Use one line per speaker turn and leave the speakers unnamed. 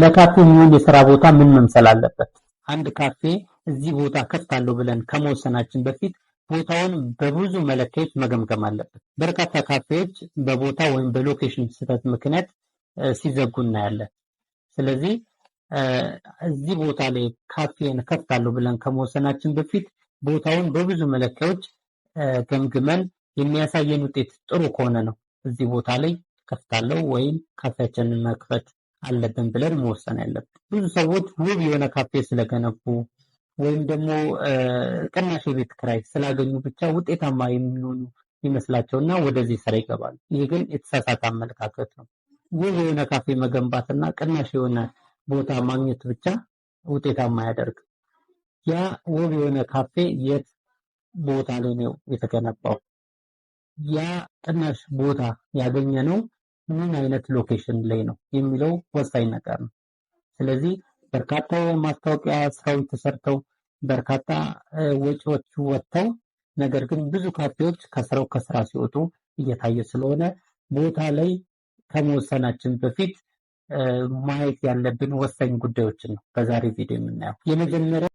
ለካፌ የሚሆን የስራ ቦታ ምን መምሰል አለበት? አንድ ካፌ እዚህ ቦታ ከፍታለሁ ብለን ከመወሰናችን በፊት ቦታውን በብዙ መለኪያዎች መገምገም አለበት። በርካታ ካፌዎች በቦታ ወይም በሎኬሽን ስህተት ምክንያት ሲዘጉ እናያለን። ስለዚህ እዚህ ቦታ ላይ ካፌን ከፍታለሁ ብለን ከመወሰናችን በፊት ቦታውን በብዙ መለኪያዎች ገምግመን የሚያሳየን ውጤት ጥሩ ከሆነ ነው እዚህ ቦታ ላይ ከፍታለሁ ወይም ካፌያችንን መክፈት አለብን ብለን መወሰን ያለብን። ብዙ ሰዎች ውብ የሆነ ካፌ ስለገነቡ ወይም ደግሞ ቅናሽ የቤት ክራይ ስላገኙ ብቻ ውጤታማ የሚሆኑ ይመስላቸውና ወደዚህ ስራ ይገባሉ። ይህ ግን የተሳሳተ አመለካከት ነው። ውብ የሆነ ካፌ መገንባትና ቅናሽ የሆነ ቦታ ማግኘት ብቻ ውጤታማ ያደርግ። ያ ውብ የሆነ ካፌ የት ቦታ ላይ ነው የተገነባው? ያ ቅናሽ ቦታ ያገኘ ነው ምን አይነት ሎኬሽን ላይ ነው የሚለው ወሳኝ ነገር ነው። ስለዚህ በርካታ የማስታወቂያ ስራዎች ተሰርተው በርካታ ወጪዎች ወጥተው ነገር ግን ብዙ ካፌዎች ከስራው ከስራ ሲወጡ እየታየ ስለሆነ ቦታ ላይ ከመወሰናችን በፊት ማየት ያለብን ወሳኝ ጉዳዮችን ነው በዛሬ ቪዲዮ የምናየው። የመጀመሪያ